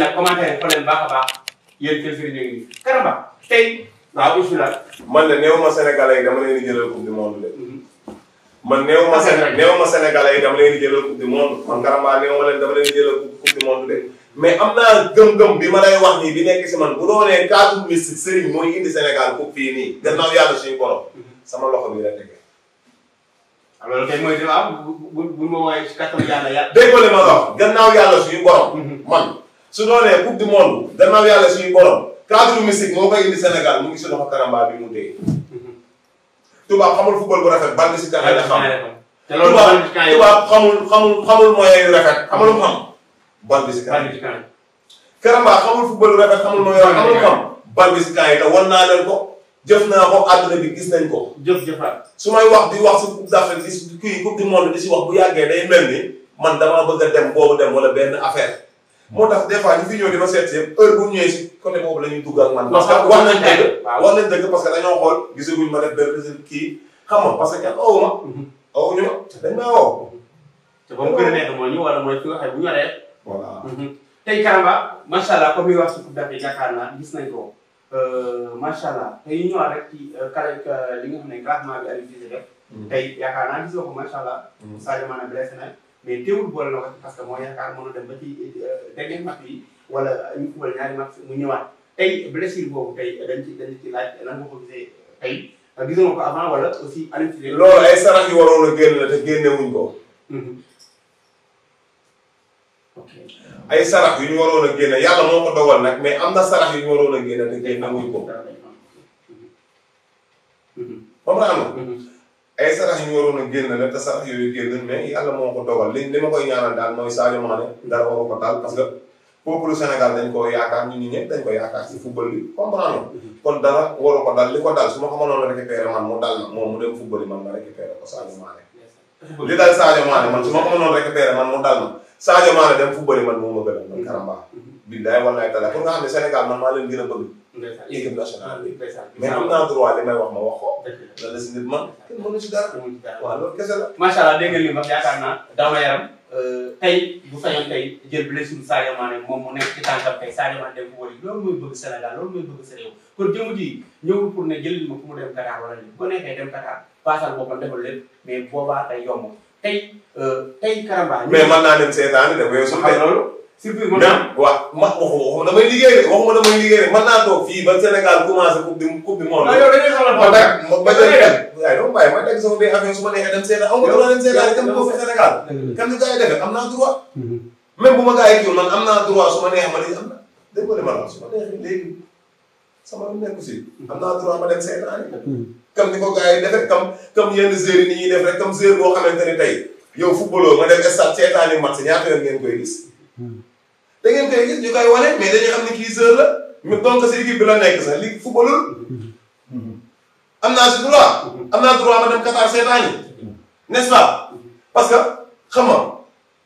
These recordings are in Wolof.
nag commentaire bi problème baax a baax yéen kër sëriñ ñu ngi Karamba tey waaw incha man de néew ma Sénégalais yi dama leen di jëlal coupe du monde de. man néew ma Sénégal néew ma Sénégalais yi dama leen di jëlal coupe du monde man ma leen dama leen di jëlal coupe du monde mais am na gëm-gëm bi ma lay wax nii bi nekk si man bu doonee cadre mystique Serigne mooy indi Sénégal coupe fii nii gannaaw yàlla suñu borom. sama loxo bi la tege. alors tey ma woowee si kàttan yàlla yàlla. dégg nga li ma la wax gannaaw man. su doonee coupe du monde yàlla suñu borom cadre mystique moo koy indi Sénégal mu ngi si loxo karamba bi mu téye. tubaab xamul football bu rafet bal si kan la xam. te loolu tubaab xamul xamul xamul rafet xamul xam. bal bi si kan la karamba xamul football bu rafet xamul moyen xamul mu xam. naa leen ko. jëf naa ko àdduna bi gis nañ ko. jëf jëfaat su may wax di wax si coupe d'Afrique di si kii wax bu yàggee day mel ni man damaa bëgg a dem boobu dem wala benn affaire. moo tax des fois ñu fi ñëw di ma seet si yëpp heure bu ñu ñëwee si côté boobu la ñuy dugg ak man. parce que wax nañ dëgg wax nañ dëgg parce kii xam nga parce que kenn owu ma. Mhm. owu ñu ma dañ maa woo. ba mu gën a nekk mooy ñu wala mooy fi nga xam bu ñoree. voilà mhm. tey Karamba macha allah comme li wax si Coupe d'Afrique yaakaar naa gis nañ ko. Euh, macha allah tey ñu ñëwaat rek ci euh, kare euh, li nga xam ne classement bi Aliou Cissé def. Mhm. tey yaakaar naa gis nga ko macha allah. Sadio Mané blessé na. mais teewul boole la ko parce que moo yaakaar mën a dem ba ci euh, dernier match yi wala ñu fubal ñaari match mu ñëwaat tey blessure boobu tey dañ ci dañ ci laaj lan nga ko gisee tey gisoo ko avant wala aussi Aliou Cissé loolu ay sarax yi waroon a génn la te génne wuñ ko. Mhm. ay sarax yu ñu waroon a génne yàlla moo ko dogal nag mais am na sarax yu ñu waroon a génne te génne wuñ ko. xam mhm. nga am mhm. na. ay sarax yu ñu waroon a génn la te sarax yooyu génn mais yàlla moo ko dogal li li ma koy ñaanal daal mooy Sadio Mané dara waroo ko daal parce que peuple Sénégal dañ ko yaakaar ñun ñi ñëpp dañ ko yaakaar ci football bi comprendre mm-hmm. kon dara waroo ko dal li ko dal su ma ko mënoon a récupérer man mu dal na moom mu dem man ma récupérer ko Sadio Mané li dal Sadio Mané man su ma ko mënoon récupérer man mu dal na Sadio Mané dem football yi man man mm-hmm. billaay wallaay taala pour nga xam ne Sénégal man maa leen gën a bëgg. équipe nationale bi. mais am naa droit li may wax ma wax ko. la si nit man kenn si dara. waaw loolu kese la. macha allah dégg nga li ma yaakaar naa daaw ma yaram. Euh, tey bu sañoon tey jël blessure Sadio Mané moom mu nekk ci tànkam tey Sadio Mané dem ko wari loolu mooy bëgg Sénégal loolu mooy bëgg sa réew kon jëmu ji ñëwul pour ne jëlil ma fu mu dem Qatar wala li bu ko nekkee dem Qatar paasal boppam defal lépp mais boobaa tey yomb tey euh, tey Karamba. mais mën naa dem seetaan dama yow. su loolu. surtout man waaw ma waxuma damay liggéey rek waxuma damay liggéey rek mën naa toog fii ba Sénégal commencé coupe du coupe du monde. waaw ah, yow dañuy soxla ma dara ma dara waaye ma dégg sama benn affaire su ma neexee dem Sénégal am nga droit dem Sénégal dem ko fa Sénégal. kan la gars yi defee am naa droit. Mhm. même bu ma gars yi kii man am naa droit su ma neexee ma ne am na dégg nga li ma la wax su ma neexee léegi sama nekk si. am naa droit ma dem Sénégal. Mhm. comme ni ko gars yi defee comme comme yenn joueurs yi ni ñuy def rek comme joueur boo xamante ne tey yow footballeur ma def stade seetaani match ñaata yoon ngeen koy gis mhm. da ngeen koy gis ñu koy wane mais dañuy xam ne kii sër la mais donc si équipe bi la nekk sax li footballul am naa si droit am naa droit ma dem Qatar seetaan yi n'est-ce pas parce que xam nga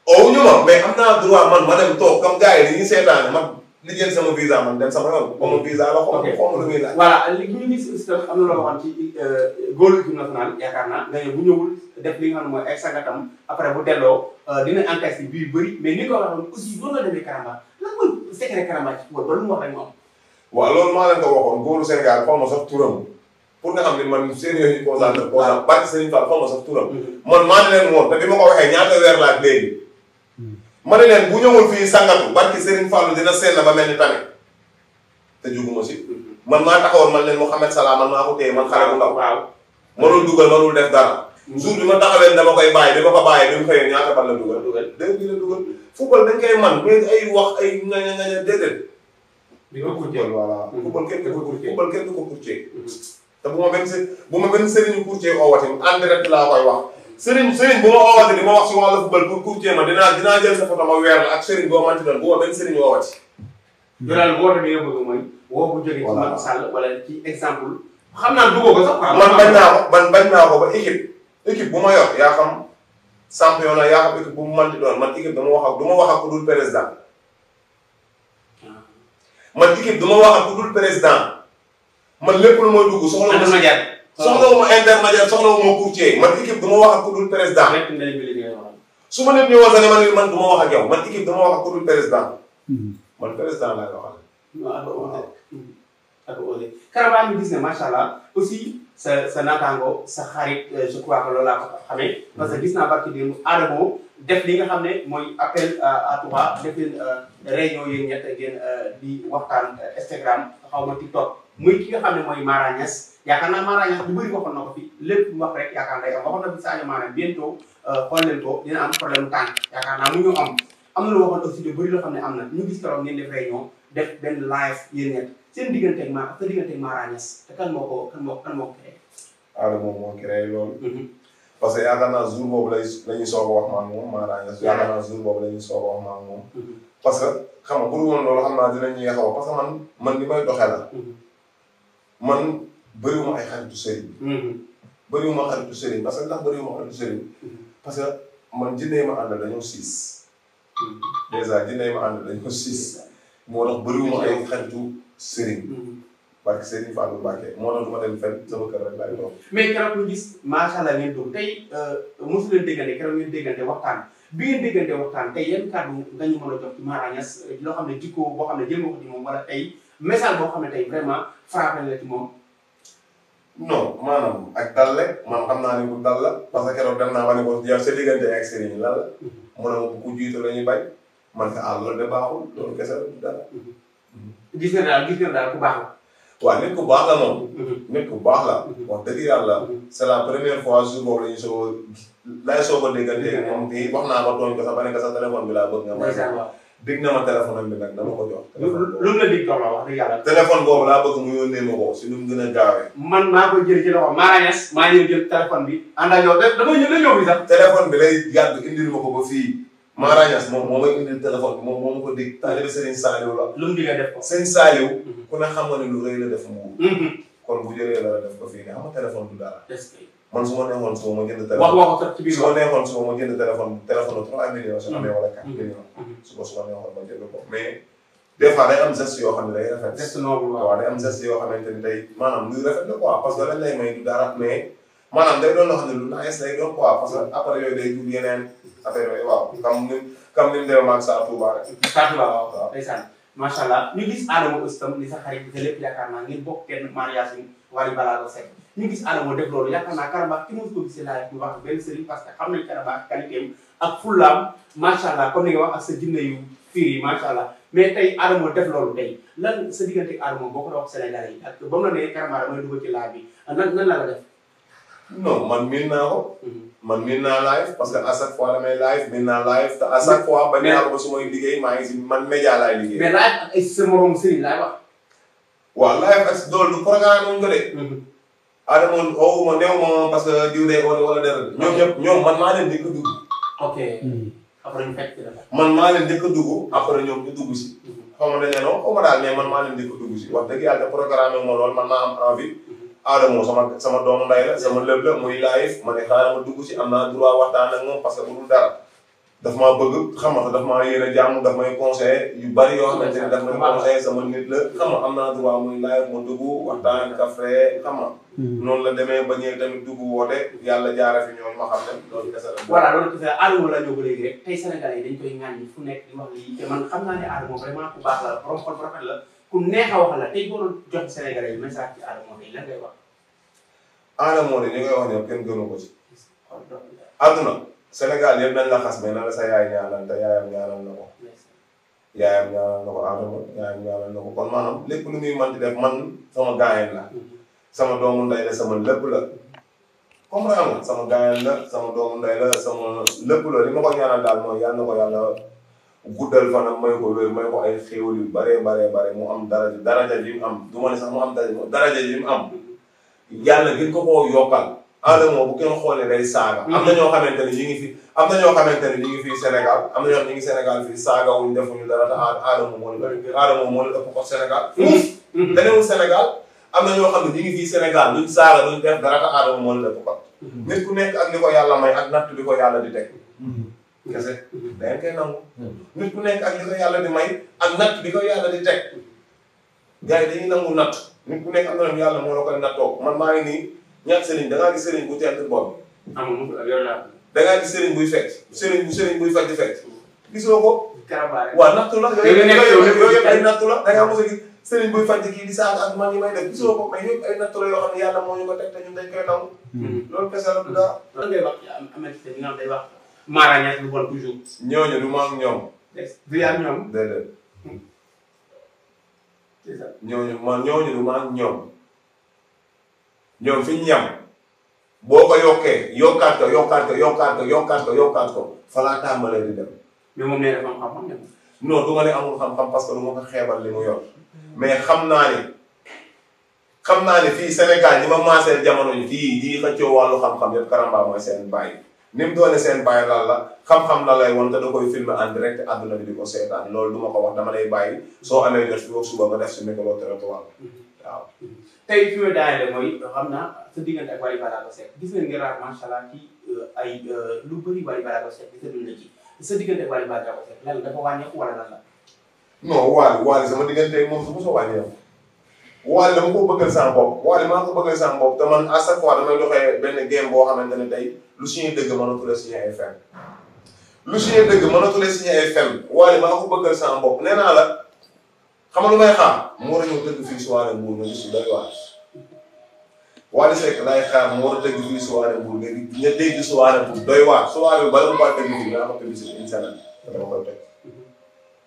ow ñu ma mais am naa droit man ma dem toog comme gars yi dañuy seetaan man. li ngeen sama visa man dem sama yoon. xaw ma visa la xaw ma xaw ma lu muy laaj. voilà li ñu gis aussi loo waxoon ci góolu équipe nationale yaakaar naa nga ne bu ñëwul def li nga xam ne mooy ay sagatam après bu delloo euh, dina encaissé bi yu bëri mais ni ko waxoon aussi loolu la demee Karamba lan mooy secret Karamba ci football ba lu mu wax rek am. waaw loolu maa leen ko waxoon góolu Sénégal xaw ma sax turam pour nga xam ne man mm-hmm. man maa ne leen woon te bi ma ko waxee ñaata weer laaj léegi. ma ne leen bu ñëwoon fii sangatu barki Serigne Fallou dina sell ba mel ni tamit te juguma si man maa taxawoon man leen Mouhamed Salah man maa ko téye man xale bu ndaw. waaw mënul dugal mënul def dara. jour bi ma taxawee dama koy bàyyi bi ma ko bàyyi bi mu xëyee ñaata ban la dugal. dugal dégg nga la dugal football dañ koy man mais ay wax ay ngaña ngaña déedéet. di ko courtier voilà. Mm-hmm. football kenn du ko courtier football kenn du ko courtier. Mm-hmm. te bu ma benn se bu ma benn sëriñu courtier oo watim en direct laa wax. sëriñ sëriñ bu ma woowati di ma wax si wàllu football pour courtier ma dinaa dinaa jël sa photo ma weer la ak sëriñ boo mënti doon bu ma benn sëriñ woowati. ñu daal woote bi nga bëgg mooy. woo ko jógee ci Macky Sall wala man bañ naa man bañ naa ko ba équipe bu ma yor yaa xam champion la yaa xam équipe bu mu mënti doon man équipe ma wax ak ma wax ak ku dul président. Ah. man équipe dama wax ak ku dul président man lépp lu ma dugg soxla. ma soxla wu ma intermédiaire soxla wu ma courtier man équipe du ma wax ak ku dul président. su ma nit ñi woon ne man man wax ak yow man équipe du ma wax ak ku dul président. man président laay waxal. waaw ak Oudé Karamba ñu gis ne macha allah aussi sa sa naataango sa xarit euh, je que loolu laa xamee. parce que gis naa barki démb Adamo def li nga xam ne mooy appel à Touba def leen euh, ñett ngeen euh, di waxtaan Instagram xaw ma t muy ki nga xam ne mooy Mara Niass yaakaar naa Mara Niass bu bëri waxoon na ko fi lépp lu wax rek yaakaar day am waxoon na fi Sadio Mané bientôt euh, xool leen ko dina am problème tànk yaakaar naa mu ñu am am na lu waxoon aussi lu bëri loo xam ne am na ñu gis keroog ngeen def réunion def benn live yéen ñett seen diggante ak Mara sa diggante ak Mara Niass te kan moo ko kan moo kan moo ko créé aada moom moo créé loolu mhm. parce que yaakaar naa jour boobu lay la ñuy soog a wax maam moom Mara Niass yaakaar naa jour boobu la ñuy soog a wax maam moom mhm. parce que xam nga bu dul woon loolu xam naa dinañuy xaw parce que man man li may doxee la mhm. man bëriwuma ay xaritu sëriñ. Mm-hmm. bëriwuma xaritu sëriñ parce que ndax bëriwuma xaritu sëriñ. Mm-hmm. parce que man jinne ma àndal dañoo siis. Mm-hmm. dèjà jinne ma àndal dañoo siis. moo tax bëriwuma ay xaritu sëriñ. barke Serigne Fallou Mbacké moo tax du ma dem fenn sama kër rek laay toog. mais keroog ñu gis macha allah ngeen doon tey euh, mosu leen déggante keroog ngeen déggante waxtaan bi ngeen tey yan kàddu nga ñu a jox ci Mara Niass loo xam ne jikko boo xam ne jël nga ko ci message boo xam ne tey vraiment frappé na ci moom. ak dal rek man xam naa ni mu dal la parce que keroog dem naa ba ne ko yow sa diggante mhm. mu ne ma bu ku jiitu la ñuy man ka ah de baaxul loolu kese la mhm. gis nga daal gis nga daal ku baax la. waaw nit ku baax la moom. Mhm. nit ku baax la. wax dëgg yàlla. c'est la première fois jour boobu la ñu soog a lay soog a déggante naa ko tooñ ko sax ba ne ko bi laa bëgg nga. may dig na ma téléphone am bi nag dama ko jox. lu mu la dig kaw la wax dëgg ko si nu mu gën a gaawee. man maa ko jël ci loxo Marañas maa ñëw jël téléphone bi. ànd a yow dama ñëw la ñëw bi sax. téléphone bi lay yàgg indil ma ko ba fii Marañas moom moo may indil téléphone bi moom moo ma ko dig. taalibe Serigne Saliou la. lu mu dig a def ko. Serigne Saliou. Mhm. ku ne xam nga ne lu rëy la def mu. Mhm. kon bu jëlee la def ko fii ne am téléphone du dara. est-ce man su ma neexoon suba jënd téléphone. wax wax ko ci jënd téléphone téléphone 3 mm-hmm. mm-hmm. jënd ko mais. des fois day am geste yoo xam ne a rafet. geste noble waaw day am geste yoo xamante ni day maanaam luy rafet la quoi parce que dañ lay may du dara mais maanaam day doon loo xam ne lu nice lay doon quoi parce que après yooyu day jur yeneen affaire yooyu waaw. comme ni comme ni mu demee maag saa Touba rek. saa Touba waaw waaw. ndeysaan tam li sa xarit bi te lépp yaakaar naa ngeen bokk kenn Wally Ballago Seck ñu gis Adamo def loolu yaakaar naa Karamba ki mos ko gisee laaj wax benn sëriñ parce que xam nañ Karamba qualité am ak fullaam macha allah comme ni nga wax ak sa jinne yu fiir yi macha allah mais tey Adamo def loolu tey lan sa diggante Adamo man miin naa ko. Mhm. parce que à chaque fois damay live miin naa live te à fois. ba nee naa ba su liggéey maa man média laay liggéey. mais live ak ay sa morom sëriñ wax. waaw LIFS loolu du programme wuñ ko de. Mhm. Adama woowu ma néew ma parce que diw de wala wala dara. ñoom man maa leen njëkk a dugg. ok mhm. man maa leen njëkk a dugg après si. Mhm. xaw ma dañu ne non man maa leen njëkk a dugg si wax dëgg yàlla programme ma lool man maa am envie. Adama sama sama doomu nday la sama lëb la muy live ma ne xaaral ma dugg si am naa droit waxtaan ak moom parce que bu dara. daf maa bëgg xam nga daf maa yéene jàmm daf may conseillé yu bari yoo xamante ne daf may conseillé sama nit la xam hmm. ba ñëwee tamit dugg woote yàlla jaara fi ñooñu ma xam ne loolu kese la. man a wax ko ci. aduna Sénégal yëpp nañ la xas mais na la sa yaay ñaanal te yaayam ñaanal na ko. yaayam ñaanal na ko Adama yaayam ñaanal na ko kon maanaam lépp lu muy mën di def man sama gaayam la. Mm-hmm. sama doomu ndey la sama lépp la. Mm-hmm. comprendre nga sama gaayam la sama doomu ndey la sama lépp la li ma ko ñaanal daal mooy yal na ko yàlla guddal fanam may ko wér may ko ay xéwal yu bare bare bare mu am daraja daraja ji mu am du ma ne sax mu am daraja ji mu am mm-hmm. yàlla gën ko koo yokkal. Adamo bu ngeen xoolee day saaga. Mm-hmm. am ne ñu ngi fi am na ñoo xamante ne ñu ngi fii Sénégal am na ñoo xam ne ñu ngi Sénégal fii saaga wuñ defuñu ko Sénégal. nit ku nekk ak li ko yàlla may ak natt bi ko yàlla di teg. Mm-hmm. kese mm-hmm. koy nangu. nit ku nekk ak li di may nangu natt nit ku nekk am na yàlla moo la koy nattoo man maa ngi nii ñaat sëriñ da ngaa gis sëriñ bu théâtre boobu. amul yor naa da ngaa gis sëriñ buy fecc. sëriñ bu sëriñ buy fecc fecc. gisoo ko. karamba rek waaw nattu la. yooyu yëpp ay nattu la da ngaa mos a gis sëriñ buy fàcc kii di saaga ak man yi may def gisoo ko mais yëpp ay nattu la yoo xam ne yàlla moo ñu ko teg te ñun dañ koy nangu. Hmm. loolu kese la du daa. lan ngay wax am na day wax. maarañaat bu bon toujours. ñooñu du ma ak ñoom. du yaa ñoom. déedéet. Hmm. ñooñu man ñooñu du ma ak ñoom ñoom fi ñu boo ko yokkee yokkaat ko yokkaat ko yokkaat ko yokkaat ko yokkaat ko fa laa di dem. mais moom nee na am xam-xam ne. non amul xam-xam parce que du ma ko xeebal li mu yor mais xam naa ne naa ne fii Sénégal ñi ma maaseel jamono ji fii ñii xëccoo wàllu xam-xam yëpp Karamba mooy seen bàyyi. ni mu doone seen bàyyi lan la xam-xam la lay won da koy filmer en direct àdduna bi di ko seetaan loolu du ko wax dama lay bàyyi soo amee jot suba nga def si micro tey fi may daaneel mooy xam naa sa diggante ak Wally Ballago Seck gis nañ nga macha allah ci euh, ay euh, lu bëri Wally Ballago Seck gisatul na ci sa diggante ak Wally Ballago Seck lan dafa la. non Wally Wally sama diggante moom su ma soo maa ko bëggal sama te man à chaque fois damay doxee benn game boo xamante ne tey lu si dëgg mënatu la suñu ay fen. lu suñuy dëgg mënatu la suñu ay fen Wally maa ko bëggal sama bopp naa la. xam lu may xaar moo war a ñëw dëgg fii soirée Mbour nga gis doy waar Wally Seck laay xaar moo war a doy waar soirée bu bala mu baax technique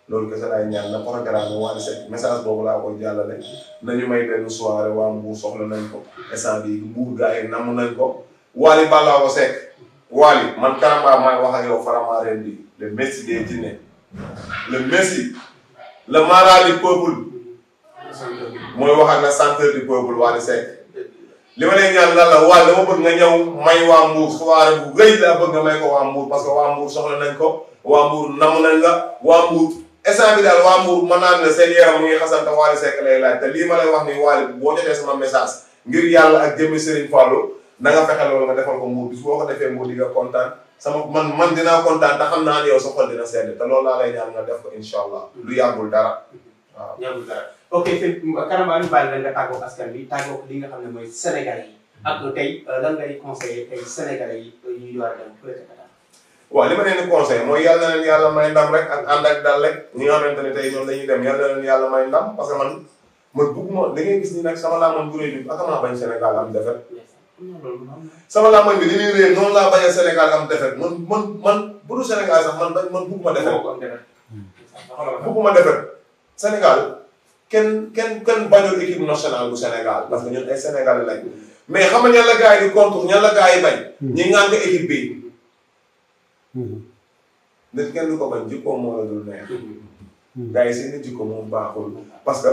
loolu kese laay ñaan boobu laa koy jàllale nañu may benn soirée waa Mbour soxla nañ ko instant bii Mbour gars yi namm nañ ko Wally Ballago Seck Wally man Karamba maay bi le Messi des Dine le Messi. la mara du peuple mooy waxaat na centre du peuple Wally Seck li ma leen ñaan lan la waaye dama nga ñëw may waa Mbour soirée bu rëy laa bëgg nga may ko waa Mbour parce que waa Mbour soxla nañ ko waa Mbour namm nañ la waa Mbour instant bi daal waa Mbour mën naa ne seen yaram mu ngi xasante Wally Seck lay laaj te lii ma lay wax ni Wally boo message ngir yàlla ak jëmmi Serigne Fallou na nga fexe loolu ko Mbour bis ko defee Mbour di nga kontaan sama man man dinaa kontaan te xam naa ne yow sa xol dina sedd te loolu laa lay def ko incha lu yàggul dara waaw. Mm-hmm. yàggul dara ok sëñ Karamba ñu bàyyi la nga tàggoog askan bi tàggoog li nga xam ne mooy Sénégal yi mm-hmm. ak tey euh, lan ngay conseillé tey euh, a dem fële ca waaw li ma leen yàlla na yàlla may ndam rek ak ànd ak dal rek ñi nga xamante ne tey ñoom dañuy dem yàlla na leen yàlla may ndam parce man man bëgguma da ngay gis ni nag sama laa man bu réy bi ak maa bañ Sénégal am defet sama làmmañ bi li muy réer noonu laa bañee Sénégal am defet man man man bu dul Sénégal sax man man bugguma defet bugguma defet Sénégal kenn kenn kenn bañul équipe nationale bu Sénégal parce que ñun ay Sénégalais lañ mais xam ñan la gars yi ñan la gars bañ hmm. ñi ngànk équipe bi hmm. kenn du ko bañ jikko moo la dul neex hmm. gars yi seen jikko moom baaxul parce que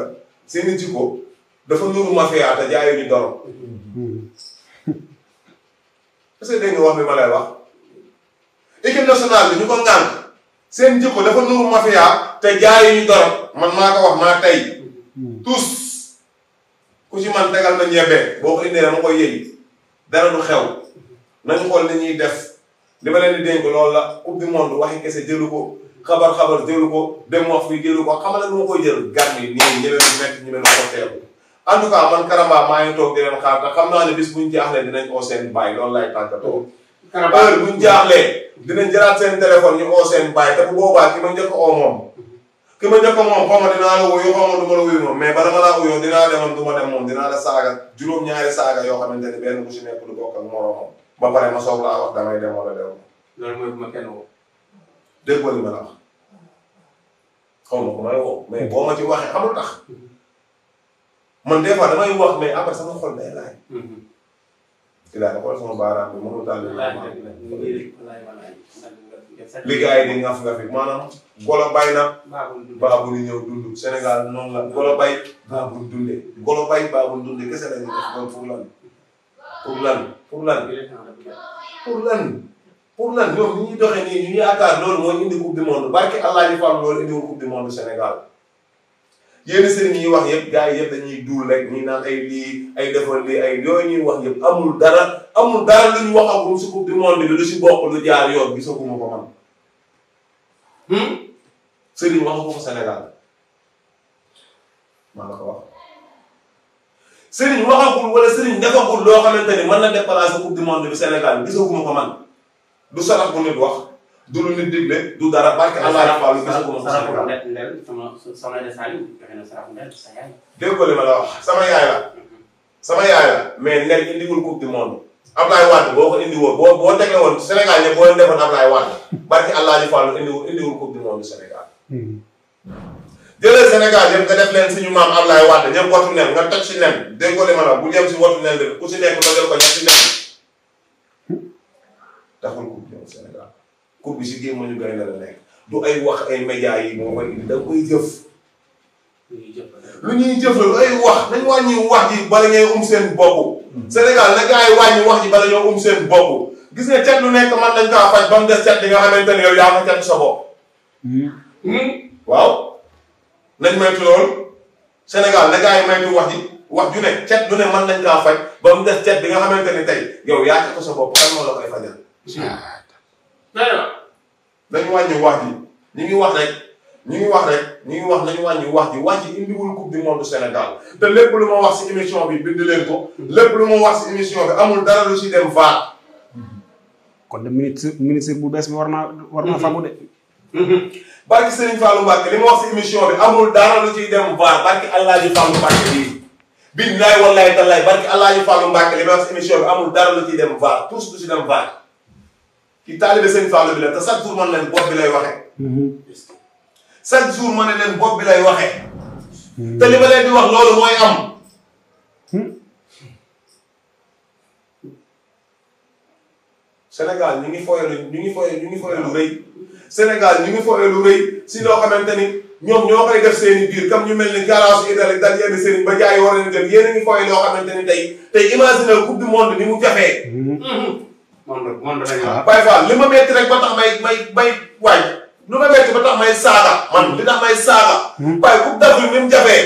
seen jikko dafa nuru mafia te jaayuñu doro est-ce que dégg nga wax bi ma lay wax équipe nationale bi ñu ko ŋànk seen jikko dafa nuru mafia te jaay ñu dorog man maa ko wax maa tey hmm. tous ku ci man tegal na ñebe boo ko indee dama koy yëy dara du xew nañu xool ni ñuy def li ma leen di dénk loolu la ubbi monde waxi kese jëlu ko xabar xabar jëlu ko dem wax fii jëlu ko xamal la nu ma koy jël gàmm yi nii ñi metti ñi leen ko teelu en tout cas man Karamba maa ngi toog di leen xaar te xam naa bis bu ñu jaaxlee dinañ oo seen baay loolu laay tàggatoo. Oh. Karamba heure bu ñu jaaxlee dinañ jëlaat seen téléphone ñu oo seen baay te bu boobaa ki ma njëkk oo moom. ki ma njëkk moom xaw ma dinaa la wuyu xaw ma du ma la wuyu moom mais bala ma laa uyoo dinaa demoon du ma dem moom dinaa la saaga juróom-ñaari saaga yoo xamante ne benn bu si nekk du bokk ak moroomam ba pare ma soog laa wax damay dem wala dem. loolu mooy bu ma kenn woo. dégg nga li ma la wax xaw ma ko may woo mais boo ma ci waxee man des fois damay wax mais après sama xol day laaj. Mhm. Ilaah xool sama baaraam bi mënul taal. liggéey di ngaf ngaf yi maanaam golo bay na. baabul ñëw dund Sénégal noonu la golo bay baabul dundee. golo bay baabul dundee kese la ñuy def loolu pour lan. pour lan pour lan pour lan pour lan ñoom ni ñuy doxee nii ñu yaakaar loolu mooy indi coupe du monde barke allah ji faam loolu indiwul coupe du monde Sénégal. yéen sëriñ yi wax yëpp gars yëpp dañuy duul rek ñi naan ay lii ay defal lii ay yooyu ñuy wax yëpp amul dara amul dara lu ñu waxagum si coupe du lu si bokk lu jaar yoon gisaguma ko man hmm? sëriñ waxu ko Sénégal maa la ko wax sëriñ waxagul wala sëriñ defagul loo xamante ni mën na déplacer coupe du monde gisaguma ko man du sarax bu nit wax du lu nit digle du dara barke allah faalu gis saraxu ndel sama sama de Saliou joxe na saraxu ndel sa yaay déggoo li ma la wax sama yaay la sama yaay la mais ndel indiwul coupe du monde Ablaye Wade boo ko indi woon boo boo tegle woon Sénégal ñëpp boo leen defoon Ablaye Wade barke allah ji faalu indiwul indiwul coupe du monde Sénégal hmm. jëlee Sénégal yëpp nga def leen suñu maam Ablaye Wade ñëpp watu nen nga toj si nen déggoo li ma la wax bu ñëw si watu nen bi ku si nekk nga jël ko ñetti nen hmm. taxul coupe du monde Sénégal kur bi si gémmañu gaynde la nekk du ay wax ay média yi moo koy indi da nga koy jëf lu ñuy jëf la lu ay wax dañ wax ji bala ngay um seen bopp hmm. Sénégal na gars yi wax ji bala ñoo um seen bopp gis nga cat lu nekk man nañ kaa faj ba mu des cat li nga xamante ne yow yaa fa cat sa bopp hmm. Hmm? waaw nañ moytu loolu Sénégal na gars yi moytu wax ji wax ju ne cat lu ne man nañ kaa faj ba mu des cat bi nga xamante ne tey yow yaa cat sa bopp kan moo la koy fajal nañu wàññi wax ji ñu ngi wax rek ñu ngi wax rek ñu ngi wax nañu wàññi wax ji wax ji indiwul coupe du monde Sénégal te lépp lu ma wax si émission bi bind leen ko lépp lu ma wax si émission bi amul dara lu si dem vaar. kon de ministre ministre bu bees bi war naa war naa fagu de. Mhm. barki Serigne Fallou Mbacke li ma wax si émission bi amul dara lu ciy dem vaar barki El Hadj Fallou Mbacke bii. billaay wallaay tallaay barki El Hadj Fallou Mbacke li ma wax si émission bi amul dara lu ciy dem vaar tous du si dem vaar. ki taalibe sëñ Fallou bi la te chaque jour man leen bopp bi lay waxee. Mhm. chaque jour ma ne leen bopp bi lay waxee. Mhm. te li ma leen di wax loolu mooy am. Hmm? Sénégal ñu ngi foyee lu ñu ngi foyee ñu ngi foyee lu rëy. Sénégal ñu ngi foyee lu rëy si loo xamante ni ñoom ñoo koy def seen i biir comme ñu mel ni garage Italie dal yenn seen ba jaay war a dem yéen a ngi foyee loo xamante ni tey tey imaginer coupe du monde ni mu jafee. Hmm. Hmm. moom la moom la ah. Baye li ma metti rek ba tax may may may waay ma metti ba tax may saaga. man li tax may saaga. Hmm. Baye coupe d'Afrique ni mu jafee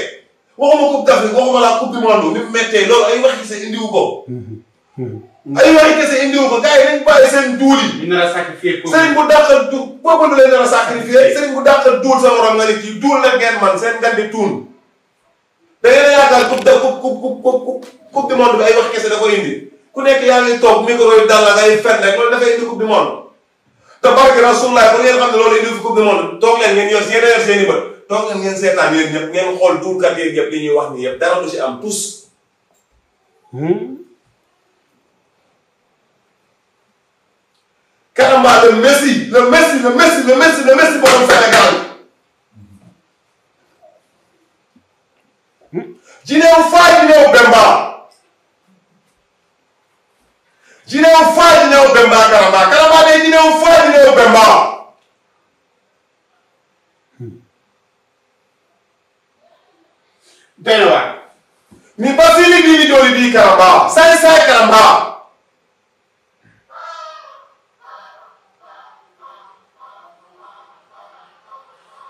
waxuma coupe d'Afrique waxuma la coupe du monde ni mu méttee loolu ay waxi kese indiwu ko. Hmm. ay waxi kese indiwu ko gars yi dañ bàyyi seen duul yi. ñu nar a sacrifié pour sëriñ bu dàqal du boobu lay nar a sacrifié hmm. sëriñ bu dàqal duul sa morom nga ne kii duul la ngeen man seen ngandi tuun. da ngeen a yaakaar coupe da coupe coupe coupe coupe du monde bi ay wax kese ku nekk yaa ngi toog micro yi dal la ngay fen rek loolu dafay indi coupe du monde te barke Rasulullah ba ngeen xam ne loolu indi coupe du monde toog leen ngeen yor ngeen yor seen i bët toog leen ngeen seetaan yéen ñëpp ngeen xool tuurkat yéen ñëpp li ñuy wax nii yëpp dara du si am tous. Hmm? Karamba le Messi le Messi le Messi le Messi le Messi borom Sénégal. Djiné hmm? Faye Djiné Bemba. jinɛw jinɛw bɛnba karama karama de jinɛw fa jinɛw bɛnba. Daywa. Hmm. Ni basili bi joli bi karamba. Sai sai karamba.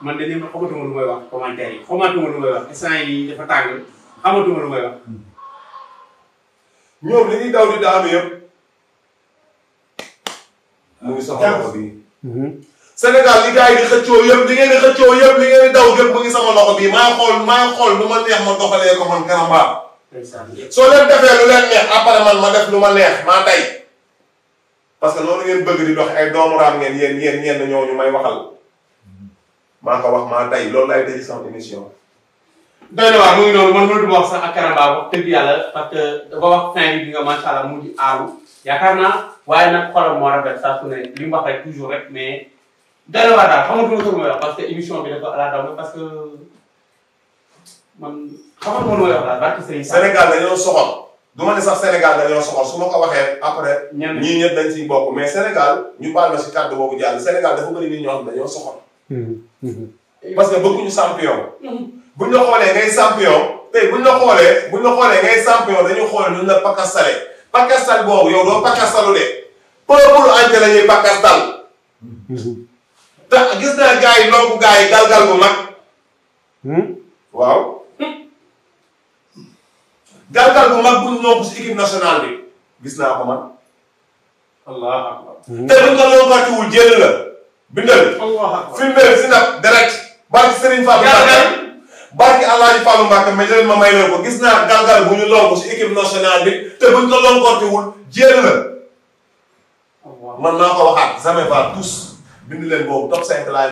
man de ne ma xamatuma lu may wax commentaire yi xamatuma lu may wax instant yi dafa tàng xamatuma lu may wax. Hmm. ñoom li ñuy daw di daanu yëpp. mu ngi sama loxo bi mhm. Sénégal li gars yi di xëccoo yëpp li ngeen di xëccoo yëpp li ngeen di daw yëpp mu ngi sama loxo bi maay xool maay xool nu ma neex ma doxalee ko man Karamba soo leen defee lu leen neex après man ma def lu ma neex maa tey parce que loolu ngeen bëgg di dox ay doomu raam ngeen yéen yéen ñenn ñooñu may waxal maa ko wax maa tey loolu lay tëj sama émission doy na waar mu ngi noonu man mënut ma wax sax ak Karamba wax dëgg yàlla parce que dafa wax fin bi nga macha allah mu ngi aaru yaakaar naa waaye nag xolam moo rafet saa su ne li mu wax rek toujours rek mais dara waa daal xamatuma ko mooy wax parce que émission bi dafa laa daw parce que man xamatuma mooy wax daal barke sëriñ Sénégal dañoo du ma ne sax Sénégal dañoo soxal su ma ko waxee après. ñenn ñii ñëpp dañ ciy bokk mais Sénégal ñu baal ma si kàddu boobu jàll Sénégal dafa bëri nit ñoo xam dañoo soxal. Mm-hmm. parce que bëgguñu champion. Mm-hmm. buñ la xoolee ngay champion tey buñ la xoolee buñ la xoolee ngay champion dañu xool luñ la pakasale. pakastal boobu yow doo pakastalu de peuple entier la ñuy pakastal hmm? te gis naa gars yi lonku gars yi galgal bu mag hmm? waaw galgal bu mag buñ lonku si équipe nationale bi gis naa ko man allah akbar te buñ ko lonkatiwul jël la bindal filmel si nag direct barke Serigne Fall barki Alaaji Fallou Mbacke mais leen ma may leen ko gis naa galgal bu ñu lonk si équipe nationale bi te buñ ko lonkoortiwul jéem la man naa ko waxaat jamais va tous bind leen boobu top 5 laay